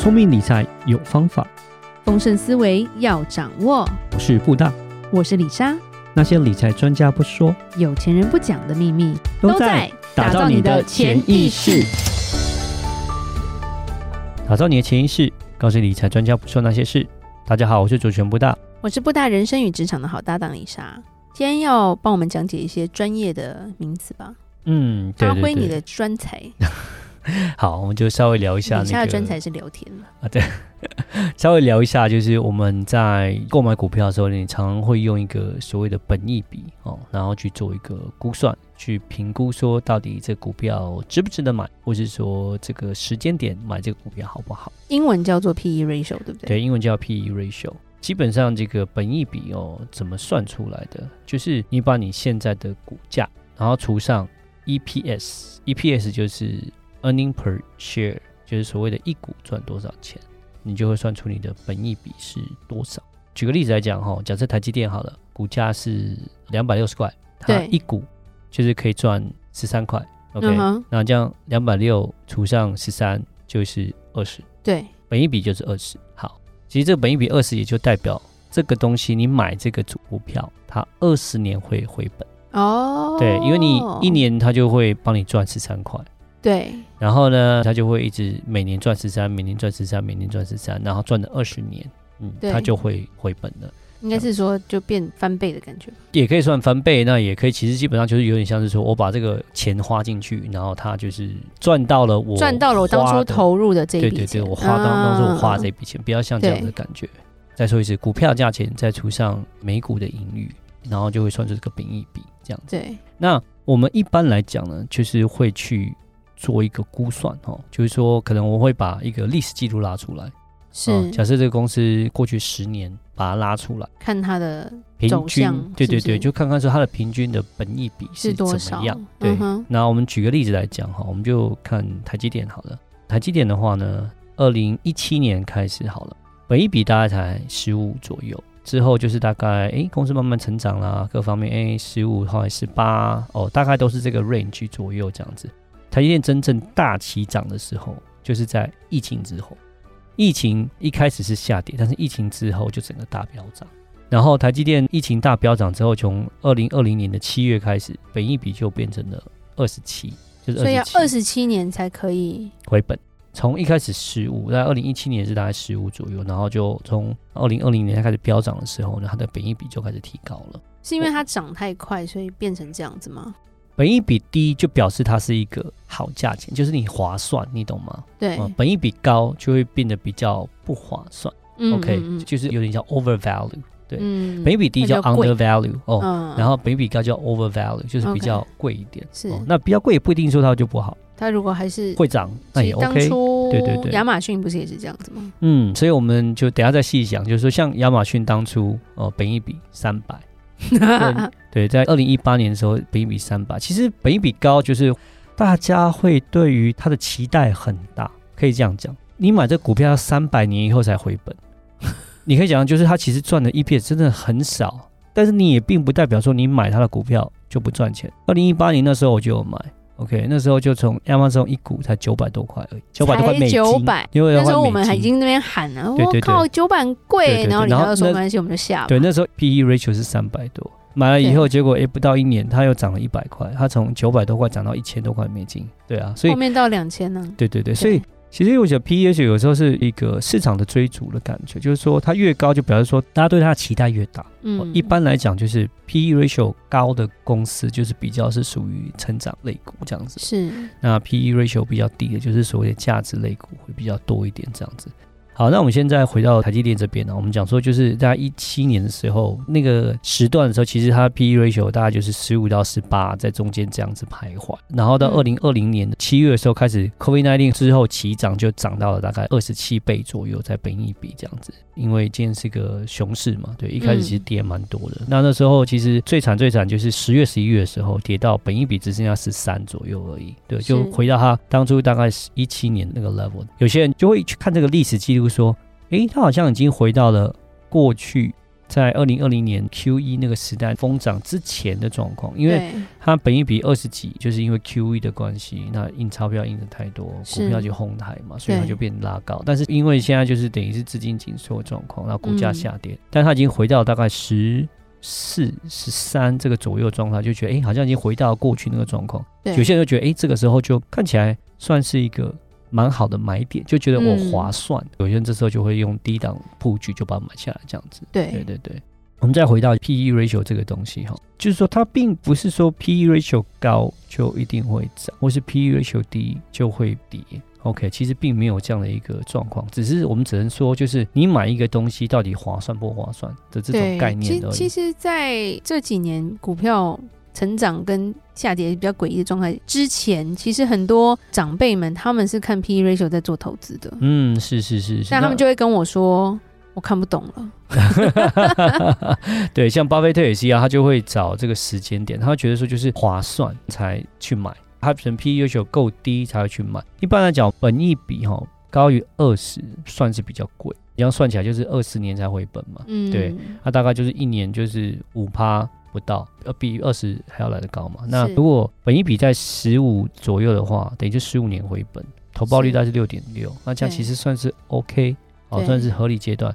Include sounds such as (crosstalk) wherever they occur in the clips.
聰明理財有方法，豐盛思維要掌握。我是布大，我是里莎。那些理財專家不說，有錢人不講的秘密，都在打造你的錢意識。打造你的錢意、意識，告訴理財專家不說那些事。大家好，我是主持人布大，我是布大人生與職場的好搭檔里莎。今天要幫我們講解一些專業的名詞吧？嗯，對對對。發揮你的專才。 (laughs) 好，我們就稍微聊一下那個。現在專才是聊天了啊，對，稍微聊一下，就是我們在購買股票的時候，你常常會用一個所謂的本益比哦，然後去做一個估算，去評估說到底這股票值不值得買，或是說這個時間點買這個股票好不好？英文叫做 PE ratio，對不對？對，英文叫 PE ratio。基本上這個本益比哦，怎麼算出來的？就是你把你現在的股價，然後除上 EPS，EPS 就是。Earning per share 就是所謂的一股賺多少錢，你就會算出你的本益比是多少。舉個例子來講，哈，假設台積電好了，股價是兩百六十塊，對，它一股就是可以賺十三塊，OK，那這樣兩百六除上十三就是二十，對，本益比就是二十。好，其實這個本益比二十也就代表這個東西，你買這個主股票，它二十年會回本。哦，對，因為你一年它就會幫你賺十三塊。對，然後呢，他就會一直每年賺十三，每年賺十三，每年賺十三，然後賺了二十年，嗯，對他就會回本了。應該是說就變翻倍的感覺，也可以算翻倍，那也可以，其實基本上就是有點像是說我把這個錢花進去，然後他就是賺到了我賺到了我當初投入的這一筆錢，對對對，我花到，啊，當初我花這筆錢，比較像這樣子的感覺。對再說一次，股票的價錢再除上每股的盈餘，然後就會算出這個本益比這樣子。對，那我們一般來講呢，就是會去。做一個估算，哈，就是說可能我會把一個歷史記錄拉出來，是、嗯、假設這個公司過去十年把它拉出來，看它的向平均，是是對對對，就看看說它的平均的本益比是，怎麼是多少樣。對，嗯、哼那我們舉個例子來講哈，我們就看台積電好了。台積電的話呢，二零一七年開始好了，本益比大概才十五左右，之後就是大概哎、欸、公司慢慢成長啦，各方面哎十五後來十八哦，大概都是這個 range 左右這樣子。台積電真正大起漲的時候，就是在疫情之後。疫情一開始是下跌，但是疫情之後就整個大飆漲。然後台積電疫情大飆漲之後，從二零二零年的七月開始，本益比就變成了二十七，就是二十七。所以要二十七年才可以回本。從一開始十五，在二零一七年是大概十五左右，然後就從二零二零年開始飆漲的時候呢，那它的本益比就開始提高了。是因為它漲太快，所以變成這樣子嗎？本益比低就表示它是一個好價錢，就是你划算，你懂嗎？對，本益比高就會變得比較不划算。OK，就是有點像 overvalue，對，本益比低叫 undervalue 哦，然後本益比高叫 overvalue，就是比較貴一點。是，那比較貴也不一定說它就不好，它如果還是會漲，那也 OK。對對對，亞馬遜不是也是這樣子嗎？嗯，所以我們就等下再細講，就是說像亞馬遜當初哦，本益比三百。 (laughs) 對,對，在二零一八年的時候，本益比三百，其實本益比高就是大家會對於它的期待很大，可以這樣講。你買這股票要三百年以後才回本， (laughs) 你可以講就是它其實賺的 EPS 真的很少，但是你也並不代表說你買它的股票就不賺錢。二零一八年那時候我就有買。OK，那時候就從亞馬遜一股才九百多塊而已，九百才九百多塊美金。因為那時候我們還已經那邊喊了、啊，哇靠九百，九百貴，然後你知道有什麼關係，我們就下了。對，那時候 PE ratio 是三百多，買了以後結果哎不到一年它又漲了一百塊，它從九百多塊漲到一千多塊美金。對啊，所以後面到兩千呢？對對對，所以。其實我覺得 PE ratio 有時候是一個市場的追逐的感覺，就是說它越高，就表示說大家對它的期待越大。嗯，一般來講，就是 PE ratio 高的公司就是比較是屬於成長類股這樣子。是，那 PE ratio 比較低的，就是所謂的價值類股會比較多一點這樣子。好，那我們現在回到台積電這邊呢、啊，我們講說，就是在一七年的時候，那個時段的時候，其實它 P/E ratio 大概就是十五到十八，在中間這樣子徘徊。然後到二零二零年的七月的時候，開始 COVID-19 之後起漲，就漲到了大概二十七倍左右，在本益比這樣子。因為今天是個熊市嘛，對，一開始其實跌蠻多的。嗯、那那時候其實最慘最慘就是十月十一月的時候，跌到本益比只剩下十三左右而已。對，就回到它當初大概是一七年那個 level。有些人就會去看這個歷史記錄。說，誒，他好像已經回到了過去，在二零二零年 QE 那個時代瘋漲之前的狀況，因為他本益比二十幾，就是因為 QE 的關係，那印鈔票印的太多，股票就哄抬嘛，是所以它就變拉高。對但是因為現在就是等於是資金緊縮狀況，然後股價下跌。嗯、但他已經回到大概十四十三這個左右狀態，就覺得誒，好像已經回到過去那個狀況。對有些人就覺得，誒，這個時候就看起來算是一個。蠻好的買點，就覺得我划算，嗯、有些人這時候就會用低檔布局，就把它買下來這樣子。對，對對對，我們再回到 P E ratio 這個東西哈，就是說它並不是說 P E ratio 高就一定會漲，或是 P E ratio 低就會跌。OK，其實並沒有這樣的一個狀況，只是我們只能說就是你買一個東西到底划算不划算的這種概念而已。其實，在這幾年股票。成長跟下跌比較詭異的狀態，之前其實很多長輩們他們是看 P/E ratio 在做投資的，嗯，是是是，是，但他們就會跟我說那我看不懂了。 (laughs) (laughs) 對，像巴菲特也是啊，他就會找這個時間點，他會覺得說就是划算才去買，他選 P/E ratio 夠低才會去買。一般來講、哦，本益比哈高於二十算是比較貴，你要算起來就是二十年才回本嘛，嗯，對，他、啊、大概就是一年就是五趴。不到，要比二十還要來得高嘛。那如果本益比在十五左右的話，是等於就十五年回本，投報率大概是六點六，那這樣其實算是 OK，對好，算是合理階段。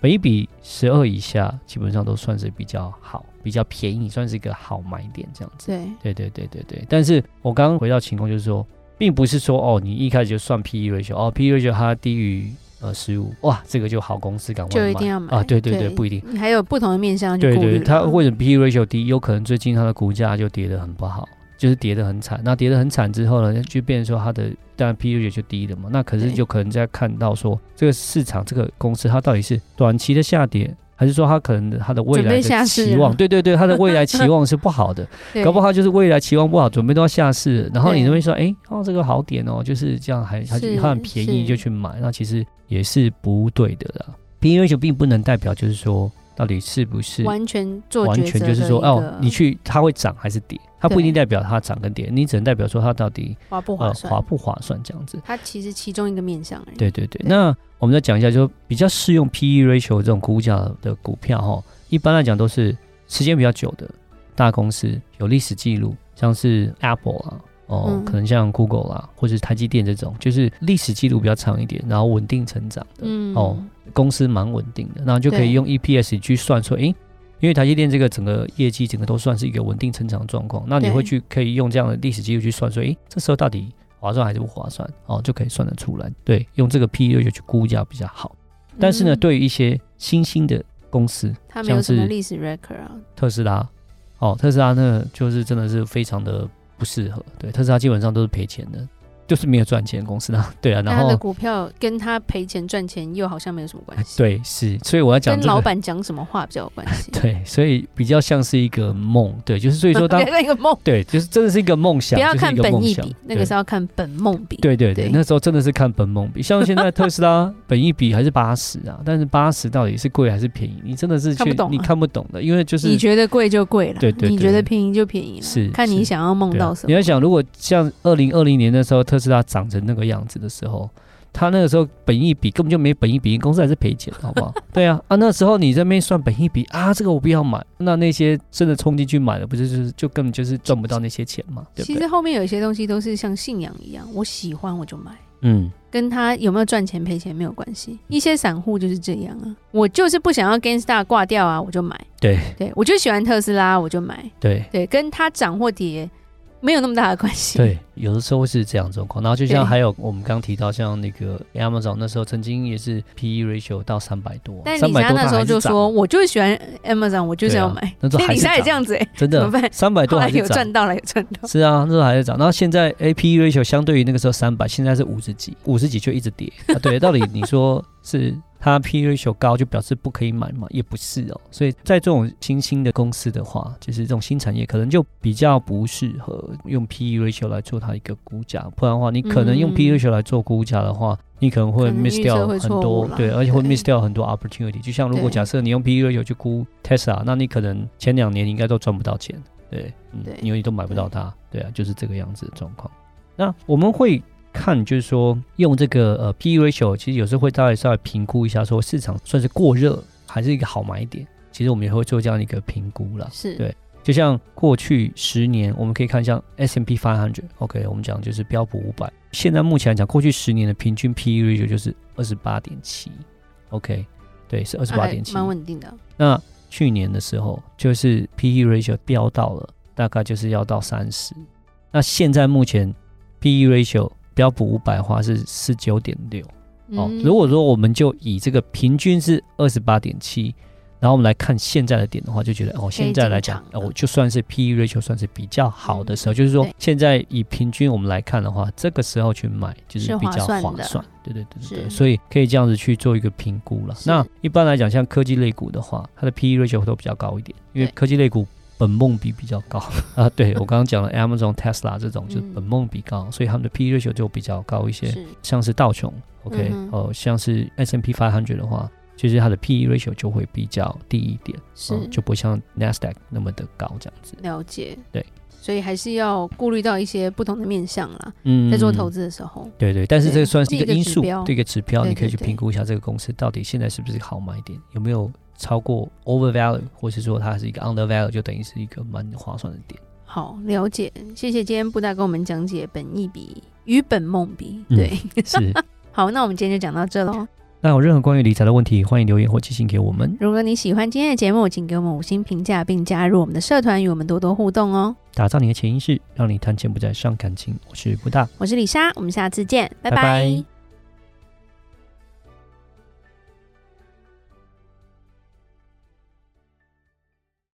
本益比十二以下，基本上都算是比較好，比較便宜，算是一個好買點這樣子。對，對，對，對，對，對。但是我剛剛回到情況，就是說，並不是說哦，你一開始就算 P/E ratio，哦，P/E ratio 它低於。呃，失誤哇，這個就好公司趕快買，就一定要買啊！對對對，對，對不一定，你還有不同的面向去了。對，對對，它為什麼 P/E ratio 低，有可能最近它的股價就跌的很不好，就是跌的很慘。那跌的很慘之後呢，就變成說它的，當然 P/E ratio 就低了嘛。那可是有可能在看到說對這個市場、這個公司它到底是短期的下跌。還是說他可能他的未來的期望，對對對，他的未來期望是不好的，搞不好他就是未來期望不好，準備都要下市了，然後你就會說，哎對、欸，哦，這個好點哦，就是這樣還，還是 還，他很便宜就去買，是 那其實也是不對的啦，並因為就並不能代表就是說。到底是不是完全做完全就是說哦，你去它會漲還是跌？它不一定代表它漲跟跌，你只能代表說它到底划不划算？呃、划不划算這樣子？它其實其中一個面向而已。對對對，對那我們再講一下，就比較適用 PE ratio 這種股價的股票哈、喔，一般來講都是時間比較久的大公司，有歷史記錄，像是 Apple 啊，哦、喔，嗯、可能像 Google 啦、啊，或是台積電這種，就是歷史記錄比較長一點，然後穩定成長的哦。嗯喔公司蠻穩定的，那就可以用 EPS 去算說，誒對、欸，因為台積電這個整個業績，整個都算是一個穩定成長的狀況。對那你會去可以用這樣的歷史記錄去算說，誒、欸，這時候到底划算還是不划算？哦，就可以算得出來。對，用這個 P/E 就去估價比較好。但是呢，嗯、對於一些新興的公司，他沒有什麼歷史 record 啊，像是特斯拉，哦，特斯拉呢，就是真的是非常的不適合。對，特斯拉基本上都是賠錢的。就是沒有賺錢公司呢，對啊，然後他的股票跟他賠錢賺錢又好像沒有什麼關係，對，是，所以我要講跟老闆講什麼話比較有關係，對，所以比較像是一個夢，對，就是所以說當那個夢，對，就是真的是一個夢想，不要看本益比，那個是要看本夢比，對對對，那時候真的是看本夢比，像現在特斯拉本益比還是八十啊，但是八十到底是貴還是便宜，你真的是覺得，你看不懂的，因為就是你覺得貴就貴了，對對，你覺得便宜就便宜了，是看你想要夢到什麼。你要想，如果像二零二零年的時候。特斯拉長成那個樣子的時候，他那個時候本益比根本就沒本益比，公司還是賠錢，好不好？ (laughs) 對啊，啊，那時候你這邊算本益比啊，這個我不要買。那那些真的衝進去買了，不是就是就根本就是賺不到那些錢嗎？其實後面有一些東西都是像信仰一樣，我喜歡我就買，嗯，跟他有沒有賺錢賠錢沒有關係。一些散戶就是這樣啊，我就是不想要 Gainstar 掛掉啊，我就買。對對，我就喜歡特斯拉，我就買。對對，跟他漲或跌。沒有那麼大的關係。對，有的時候會是這樣狀況。然後就像還有我們剛剛提到，像那個 Amazon 那時候曾經也是 P E ratio 到三百多，但是你家那時候就說，我就是喜歡 Amazon，我就是要買。那時候還也這樣子哎，真的，三百多還有賺到了，有賺到。是啊，那時候還在漲。啊，那現在 A P E ratio 相對於那個時候三百，現在是五十幾，五十幾就一直跌。啊，對，到底你說是？它 P/E ratio 高就表示不可以買嘛，也不是哦。所以在這種新興的公司的話，就是這種新產業，可能就比較不適合用 P/E ratio 來做它一個估價。不然的話，你可能用 P/E ratio 來做估價的話，嗯、你可能會 miss 掉很多，對，而且會 miss 掉很多 opportunity 對。就像如果假設你用 P/E ratio 去估 Tesla，那你可能前兩年應該都賺不到錢，對，嗯、因為對你都買不到它。對啊，就是這個樣子的狀況。那我們會。看，就是說用這個呃 PE ratio，其實有時候會大概稍微評估一下，說市場算是過熱還是一個好買點。其實我們也會做這樣一個評估了。是，對，就像過去十年，我們可以看一下 S&P five hundred，OK，okay, 我們講就是標普五百。現在目前來講，過去十年的平均 PE ratio 就是二十八點七，OK，對，是二十八點七，okay, 蠻穩定的。那去年的時候，就是 PE ratio 飆到了大概就是要到三十。嗯。那現在目前 PE ratio 標普五百的話是十九點六哦。嗯、如果說我們就以這個平均是二十八點七，然後我們來看現在的點的話，就覺得哦，現在來講，哦，就算是 P E ratio 算是比較好的時候，嗯、就是說對現在以平均我們來看的話，這個時候去買就是比較划算。划算對對對對對，是所以可以這樣子去做一個評估了。是那一般來講，像科技類股的話，它的 P E ratio 都比較高一點，因為科技類股。本夢比比較高啊，對我剛剛講了 Amazon、Tesla 這種就是本夢比高，所以他們的 P/E ratio 就比較高一些。是。像是道瓊，OK，哦，像是 S&P 500的話，其實它的 P/E ratio 就會比較低一點，是。就不像 Nasdaq 那麼的高這樣子。了解。對。所以還是要顧慮到一些不同的面向啦，在做投資的時候。對對，但是這個算是一個因素，對一個指標，你可以去評估一下這個公司到底現在是不是好買點，有沒有？超過 overvalue 或是說它是一個 undervalue，就等於是一個蠻划算的點。好，了解，謝謝今天布大跟我們講解本益比與本夢比。對，嗯、是。 (laughs) 好，那我們今天就講到這嘍。那有任何關於理財的問題，歡迎留言或寄信給我們。如果你喜歡今天的節目，請給我們五星評價，並加入我們的社團，與我們多多互動哦。打造你的潛意識，讓你談錢不再傷感情。我是布大，我是李莎，我們下次見，拜拜。拜拜。